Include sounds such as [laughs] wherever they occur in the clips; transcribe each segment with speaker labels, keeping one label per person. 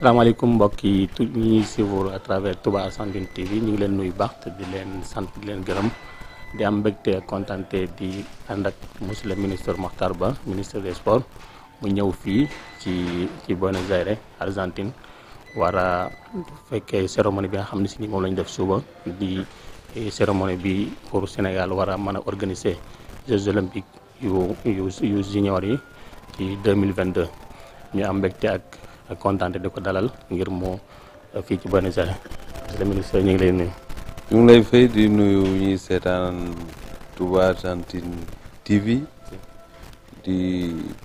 Speaker 1: salaamaaleykum mbokk yi tu ñuy suivre à travers Touba Argentine TV ñu ngi leen nuyu baax te di leen sant di leen gërëm di am mbégte contenté di ànd ak monsieur le ministre Makhtar Ba ministre des sports mu ñëw fii ci ci Buenos Aires Argentine war a fekkee cérémonie bi nga xam ne si ni moom lañu ñu def suba di cérémonie bi pour Sénégal war a mën a organiser Jeux olympiques yu yu yu junior yi ci ñu am mbégte ak. ak kontaante di ko dalal
Speaker 2: ngir moo uh, fii ci Buenos Aires monsieur ñu ngi lay nuyu. ñu ngi lay fay di nuyu ñuy seetaan Touba Argentine TV. di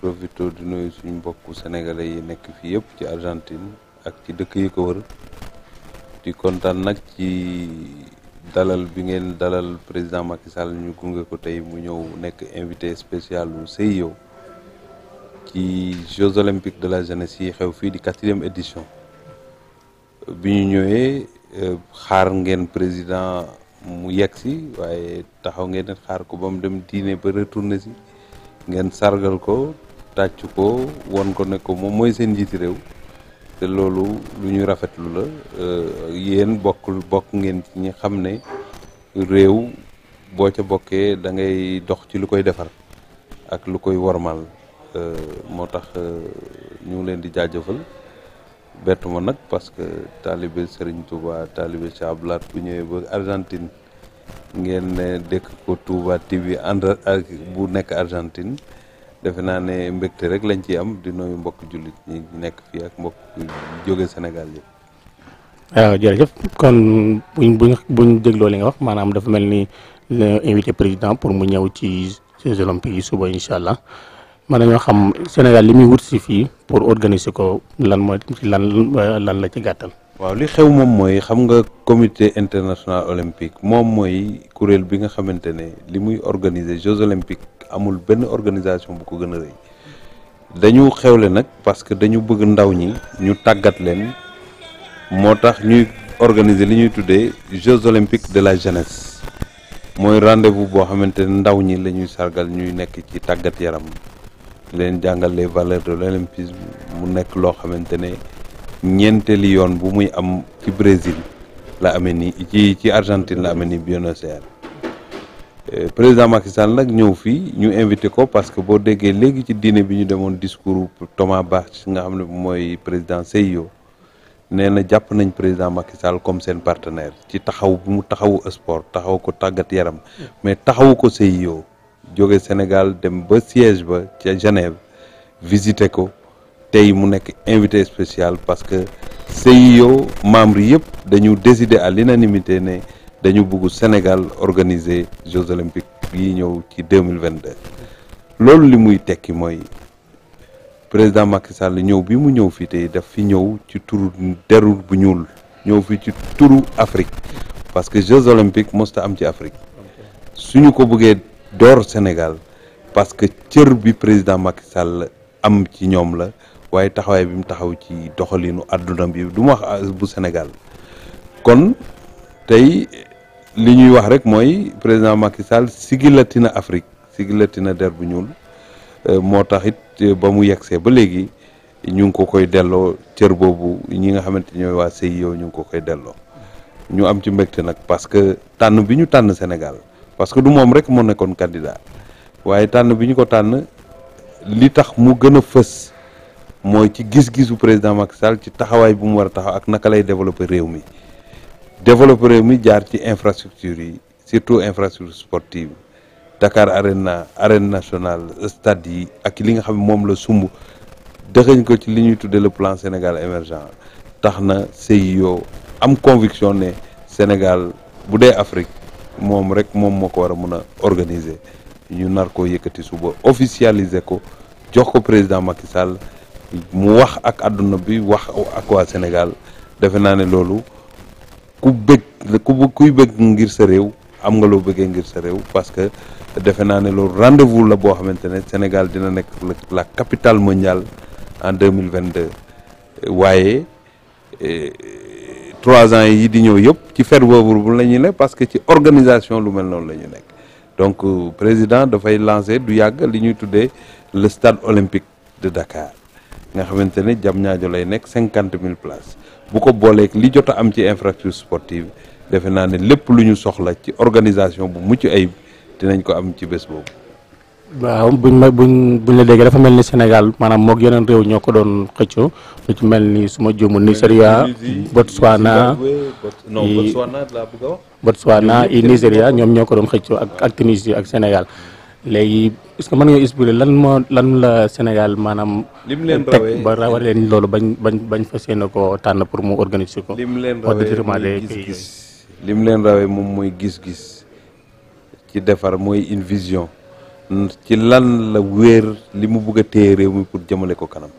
Speaker 2: profito di nuyu suñu mbokku sénégalais yi nekk fii yëpp ci Argentine ak ci dëkk yi ko wër di kontaan nag ci dalal bi ngeen dalal président Macky Sall ñu gunge ko tey mu ñëw nekk invité spécial lu CIO. E ci Jeux olympiques de la jeunesse yi xew fii di quatrième édition bi ñu ñëwee euh, xaar ngeen président mu yegg si waaye taxaw ngeen xaar ko ba mu dem diine ba retourné si ngeen sargal ko tàcc ko won ko ne ko moom mooy seen njiiti réew te loolu lu ñu rafetlu la euh, yéen bokkul bokk ngeen ci ñi xam ne réew boo ca bokkee da ngay dox ci lu koy defar ak lu koy wormal Euh, moo tax euh, ñu leen di jaajëfal bett ma nag parce que taalibe Serigne Touba taalibe Cheikh Abdou bu ñëwee ba Argentine ngeen ne dëkk ko Touba TV ànd ak bu nekk Argentine defe naa ne mbégte rek lañ ci am di nuyu mbokk jullit ñi nekk fii ak mbokk jóge Sénégal yi
Speaker 1: waaw ah, jërëjëf kon buñ buñ buñ dégloo li nga wax maanaam dafa mel ni invité président pour mu ñëw ci Jeux olympiques yi suba incha allah mën nañoo xam Sénégal li muy wut si fii pour organiser ko lan mooy ci euh,
Speaker 2: lan la ci gàttal. waaw li xew moom mooy xam nga comité international olympique moom mooy kuréel bi nga xamante ne li muy organiser Jeux olympiques amul benn organisation bu ko gën a rëy dañu xewle nag parce que dañu bëgg ndaw ñi ñu tàggat leen moo tax ñuy organiser li ñuy tuddee Jeux olympiques de la jeunesse mooy rendez-vous boo xamante ne ndaw ñi la ñuy sargal ñuy nekk ci tàggat yaram leen jàngal les valeurs de l'olympisme mu nekk loo xamante ne ñeenteeli yoon bu muy am ci Brésil la amee nii ci ci Argentine la amee nii Buenos Aires euh, président Macky Sall nag ñëw fii ñu invité ko parce que boo déggee léegi ci diine bi ñu demoon discours Thomas Bach nga xam ne mooy président CIO nee na jàpp nañ président Macky comme seen partenaire ci taxaw bu mu taxawu sport taxaw ko tàggat yaram mais taxawu ko CIO. jóge Sénégal dem ba siège ba ca Genève visité ko tey mu nekk invité spécial parce que CIO membres yëpp dañu décider à l'unanimité ne dañu bëgg Sénégal organiser Jeux olympiques yi ñëw ci deux mille vingt deux loolu li muy tekki mooy président Macky Sall ñëw bi mu ñëw fii tey daf fi ñëw ci turu derul bu ñuul ñëw fii ci turu Afrique parce que Jeux olympiques mosta am ci Afrique suñu ko bëggee door Sénégal parce que cër bi président Macky Sall am ci ñoom la waaye taxawaay bi mu taxaw ci doxalinu àdduna bi du ma wax bu Sénégal kon tey li ñuy wax rek mooy président Macky Sall sigilatina Afrique sigilatina der bu ñuul euh, moo tax it euh, ba mu yegsee ba léegi ñu ngi ko koy delloo cër boobu ñi nga xamante ñooy waa CIO ñu ngi ko koy delloo ñu am ci mbégte nag parce que tànn bi ñu tànn Sénégal parce que du moom rek moo nekkoon candidat waaye tànn bi ñu ko tànn li tax mu gën a fës mooy ci gis-gisu président Macky Sall ci taxawaay bu mu war a taxaw ak naka lay développer réew mi développer réew mi jaar ci infrastructure yi surtout infrastructure sportive Dakar Arena arène nationale stade yi ak li nga xam ne moom la sumb dëxëñ ko ci li ñuy tuddee le plan Sénégal émergent tax na CIO am conviction ne Sénégal bu dee Afrique moom rek moom moo ko war a mën a organiser ñu nar ko yëkkati suba officialiser ko jox ko président Macky Sall mu wax ak àdduna bi wax ak waa Sénégal defe naa ne loolu ku bëgg ku kuy bëgg ngir sa réew am nga loo bëggee ngir sa réew parce que defe naa ne loolu rendez-vous la boo xamante ne Sénégal dina nekk la capitale mondiale en deux mille vingt deux waaye. Eh, trois ans yi di ñëw yëpp ci fer boobu bu la ñuy ne parce que ci organisation lu mel noonu la nekk donc euh, président dafay lancer du yàgg li ñuy tuddee le stade olympique de Dakar nga xamante ne Diamniadio lay nekk cinquante mille places bu ko booleek li jot a am ci infrastructure sportive defe naa ne lépp lu ñu soxla ci organisation bu mucc ayib dinañ ko am ci bés boobu.
Speaker 1: waaw buñ ma buñ buñ la déggee dafa mel ni Sénégal maanaam moog yeneen réew ñoo ko doon xëccoo lu ci mel ni suma juumul Nigeria Botswana i Botswana i Nigeria ñoom ñoo ko doon xëccoo ak ak Tunisie ak Sénégal léegi est-ce que mën nga expliquer lan moo lan la Sénégal maanaam. lim leen rawee teg ba rawale leen loolu bañ bañ bañ fas yéene koo
Speaker 2: tànn pour mu organiser ko. lim leen rawee gis-gis lim leen rawee moom mooy gis-gis. ci defar mooy une vision. ci lan la wéer li mu bugg a téye réew mi pour jëmale ko kanam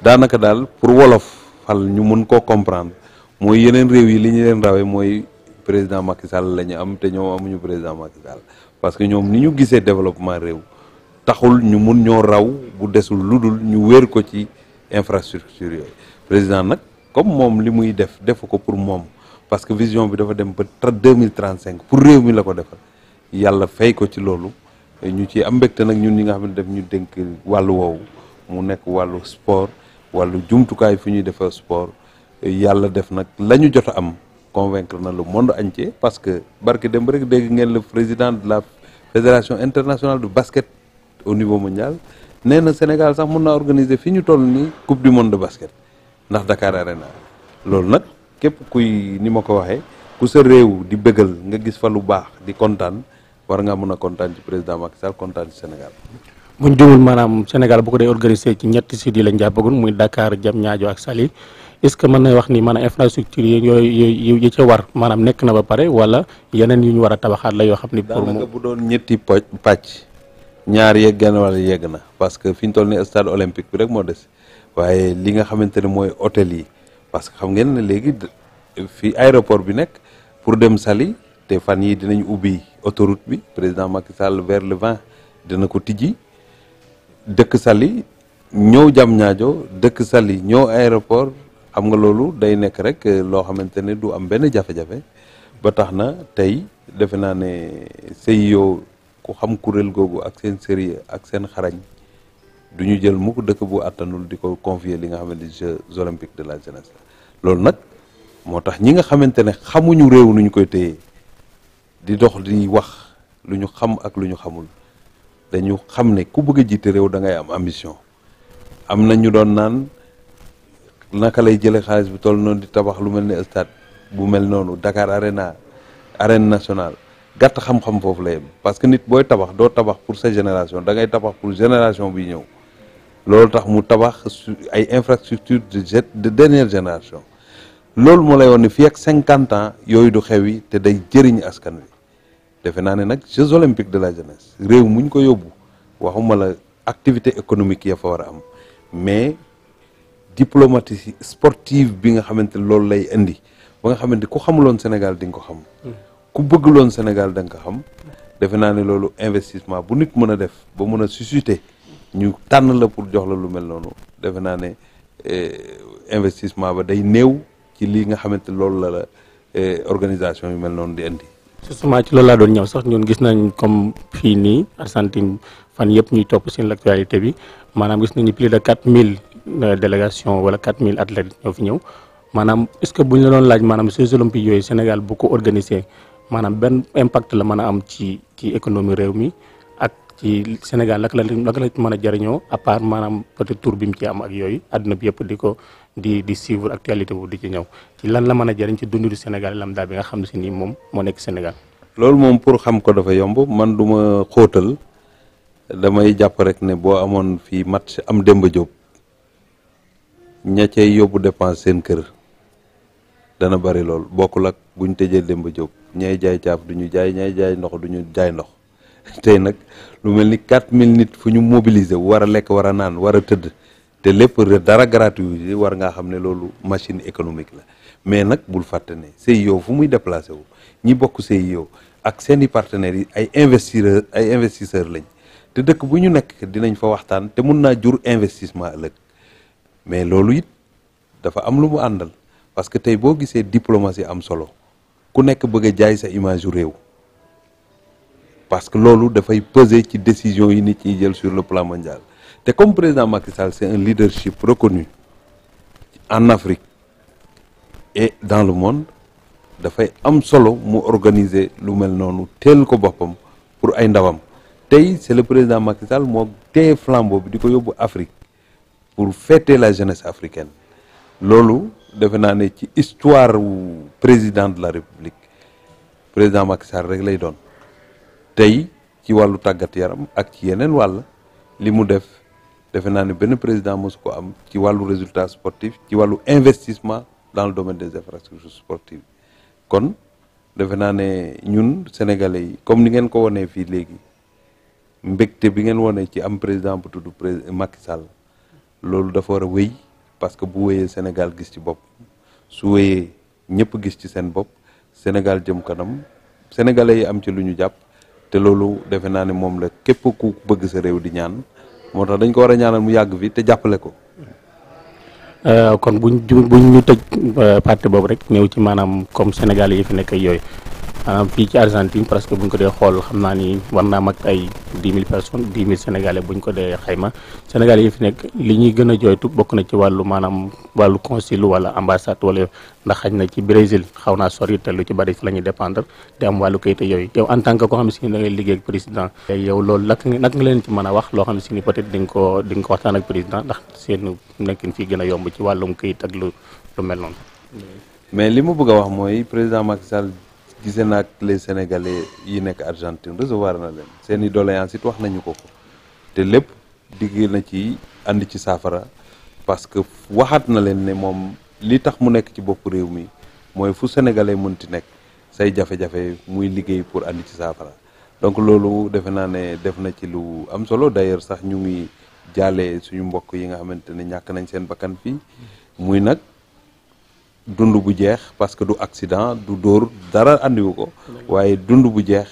Speaker 2: daanaka daal pour wolof fal ñu mën koo comprendre mooy yeneen réew yi li ñu leen rawee mooy président Macky Sall la ñu am te ñoom amuñu président Macky Sall parce que ñoom ni ñu gisee développement réew taxul ñu mun ñoo raw bu desul lu dul ñu wéer ko ci infrastructure yooyu président nag comme moom li muy def defu ko pour moom parce que vision bi dafa dem ba deux mille trente cinq pour réew mi la ko defal yàlla fay ko ci loolu ñu ci am mbégte nag ñun ñi nga xam ne def ñu dénk wàllu woowu mu nekk wàllu sport wàllu jumtukaay fu ñuy defa sport yàlla def nag la ñu jot am convaincre na lu monde entier parce que barke dem rek dégg ngeen le président de la fédération internationale de basket au niveau mondial nee na Sénégal sax mën naa organiser fi ñu toll nii coupe du monde de basket ndax Dakar Arena loolu nag képp kuy ni ma ko waxee ku sa réew di bëggal nga gis fa lu baax di kontaan war ngaa mën a kontaan ci président Macky Sall kontaan ci Sénégal.
Speaker 1: bu ñu jumul maanaam Sénégal bu ko dee organisé ci ñetti sud yi lañ jàppagul muy Dakar Diamniadio ak Saly est mën na wax ni maanaam infrastructure yi yooyu yi ca war maanaam nekk na ba pare wala yeneen yu ñu a tabaxaat la yoo xam ni. pour mu
Speaker 2: bu doon ñetti pàcc pàcc ñaar na wala yegg que fi ñu toll nii stade olympique bi rek moo des waaye li nga xamante ne mooy hôtel yi parce que xam ngeen ne léegi fi aéroport bi nekk pour dem Saly. te fan yi dinañ ubbi autoroute bi président Macky Sall vers le 20 dina ko tijji dëkk Saly ñëw ñaajo dëkk Saly ñëw aéroport xam nga loolu day nekk rek euh, loo xamante ne du am benn jafe-jafe ba tax na tey defe naa ne CIO ku xam kuréel googu ak seen sérieux ak seen xarañ du ñu jël mukk dëkk bu àttanul di ko confier li nga xamante ni Jeux olympiques de la jeunesse loolu nag moo tax ñi nga xamante ne xamuñu réew nuñ koy téye di dox di wax lu ñu xam ak lu ñu xamul dañu xam ne ku bëgg a jiite réew da ngay am ambition am na ñu doon naan naka lay jëlee xaalis bi tool noonu di tabax lu mel ne stade bu mel noonu Dakar Arena arène nationale gàtt xam-xam foofu la yem parce que nit booy tabax doo tabax pour sa génération da ngay tabax pour génération bi ñëw loolu tax mu tabax ay infrastructure de jet de dernière génération loolu moo lay woon ne fii ak cinquante ans yooyu du xew yi te day jëriñ askan wi defe naa ne nag Jeux olympiques de la jeunesse réew mu ñu ko yóbbu waxuma la activité économique ya fa war a am mais diplomatie sportive bi nga xamante loolu lay indi ba nga xamante ku xamuloon Sénégal di nga ko xam. Mm. ku bëggloon Sénégal da ko xam. defe naa ne loolu investissement bu nit mën a def ba mën a susciter ñu tànn la pour jox la lu mel noonu defe naa ne eh, investissement ba day néew ci lii nga xamante loolu la la eh, organisation yu mel noonu d indi. justement
Speaker 1: loolu laa doon ñëw sax ñun gis nañ comme fii nii Argentine fan yëpp ñuy topp seen l'actualité bi maanaam gis nañu plus de 4000 euh, délégation wala 4000 athlètes ñoo fi ñëw maanaam est-ce que bu ñu la doon laaj maanaam Jeux olympiques yooyu Sénégal bu ko organiser maanaam benn impact la mën a am ci ci économie réew mi ak ci Sénégal lak la lak la mën a jariñoo à part maanaam peut-être tour bi mu ci am ak yooyu àdduna bi yëpp di ko di di suivre actualité boobu di ci ñaw ci lan la mën a jëriñ ci dundu du Sénégal lam bi nga xam ne si nii moom moo nekk Sénégal.
Speaker 2: loolu moom pour xam ko dafa yomb man du ma xóotal damay jàpp rek ne boo amoon fii match am Demba Diop ña cay yóbbu seen kër dana bari lool bokkul ak buñ tëjee Demba Diop ñay jaay caaf du ñu jaay ñay jaay ndox du ñu jaay ndox [laughs] tey nag lu mel ni mille nit fu ñu mobiliser war a lekk war a naan war a tëdd. te lépp dara gratuit war ngaa xam ne loolu machine économique la mais nag bul fàtte ne CIO fu muy déplacé wu ñi bokk CIO ak seeni partenaires yi ay investisseurs ay investisseurs lañ te dëkk bu ñu nekk dinañ fa waxtaan te mun naa jur investissement ëllëg mais loolu it dafa am lu mu àndal parce que tey boo gisee diplomatie am solo ku nekk bëgg jaay sa image réew parce que loolu dafay peser ci décision yi nit ñi jël sur le plan mondial te comme président Macky Sall c'est un leadership reconnu en Afrique et dans le monde dafay am solo mu organiser lu mel noonu teel ko boppam pour ay ndawam tey c'est le président Macky moo tee flambeau bi di ko yóbbu Afrique pour fêter la jeunesse africaine loolu defe naa ne ci histoire wu président de la République président Macky rek lay doon tey ci wàllu tàggat yaram ak ci yeneen wàll li mu def defe naa ne benn président mosu ko am ci wàllu résultat sportif ci wàllu investissement dans le domaine des infrastructures sportives kon defe naa ne ñun sénégalais yi comme ni ngeen ko wonee fii léegi mbégte bi ngeen wonee ci am président bu tudd président Macky Sall loolu dafa war a wéy parce que bu wéyee Sénégal gis ci bopp su wéyee ñëpp gis ci seen bopp Sénégal jëm kanam sénégalais yi am ci lu ñu jàpp te loolu defe naa ne moom la képp ku bëgg sa réew di ñaan moo tax dañ ko war a ñaanal mu yàgg fi te jàppale ko.
Speaker 1: Euh, kon buñ buñ ñu tëj euh, partie boobu rek ñëw ci maanaam comme Sénégal yi fi nekk yooyu maanaam fii ci Argentine presque bu ko dee xool xam naa ni war mag ay dix mille personnes dix mille sénégalais bu ko dee xayma sénégalais yi fi nekk li ñuy gën a jooytu bokk na ci wàllu maanaam wàllu consul wala ambassade wala ndax xaj na ci Brésil xaw naa sori te lu ci bari fi la ñuy te am wàllu kayit yooyu yow en tant que xam si ni da ngay a wax loo xam si ni peut être di nga ko di ko waxtaan ak président ndax seen nekkin fii gën a yomb ci wàllum kayit ak lu lu mel noonu
Speaker 2: gisee naa ak les sénégalais yi nekk Argentine recevoir na leen seeni i doléances it wax nañu ko ko te lépp digg na ci and ci saafara parce que waxaat na leen ne moom li tax mu nekk ci bopp réew mi mooy fu sénégalais mënti nekk say jafe-jafe muy liggéey pour and ci saafara donc loolu defe naa ne def na ci lu am solo d'ailleurs sax ñu muy jaale suñu mbokk yi nga xamante ne ñàkk nañ seen bakkan fii muy nag. dund bu jeex parce que du accident du dóor dara àndiwu ko waaye dund bu jeex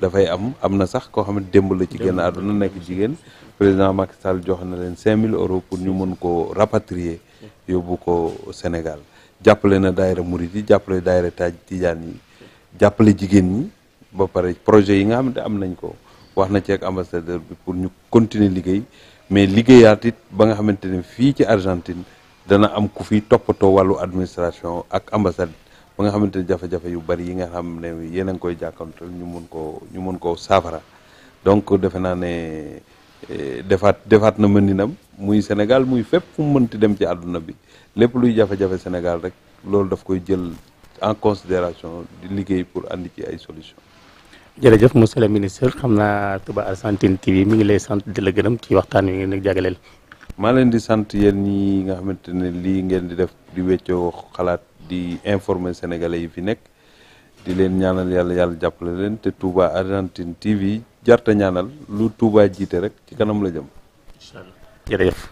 Speaker 2: dafay am am na sax koo xam ne démb la ci génn àdduna nekk jigéen président Macky Sall jox na leen mille euros pour ñu mën ko rapatrier yóbbu ko Sénégal jàppale na daayira murit yi jàppale daayira taj tijaan yi jàppale jigéen ñi ba pare projet yi nga xam te am nañ ko wax na ci ak ambassadeur bi pour ñu continuer liggéey mais liggéeyaat it ba nga xamante ne fii ci Argentine dana am ku fi toppatoo wàllu administration ak ambassade ba nga xamante ne jafe-jafe yu bari yi nga xam ne yéen a ngi koy jàkkaarloo ñu mën koo ñu mun koo saafara donc defe naa ne eh, defaat defaat na mën nam muy Sénégal muy fépp fu mu mënti dem ci àdduna bi lépp luy jafe-jafe Sénégal rek loolu daf koy jël en considération di liggéey pour andi ci ay solution
Speaker 1: jërëjëf monsieur le ministre xam naa Touba Argentine TV mu ngi lay sant di la gërëm ci waxtaan wi ngeen
Speaker 2: di jagleel maa leen di sant yéen ñi nga xamante ne lii ngeen di def di weccoo xalaat di informer sénégalais yi fi nekk di leen ñaanal yàlla yàlla jàppale leen te Touba Argentine TV jarta ñaanal lu Touba jiite rek ci kanam la jëm.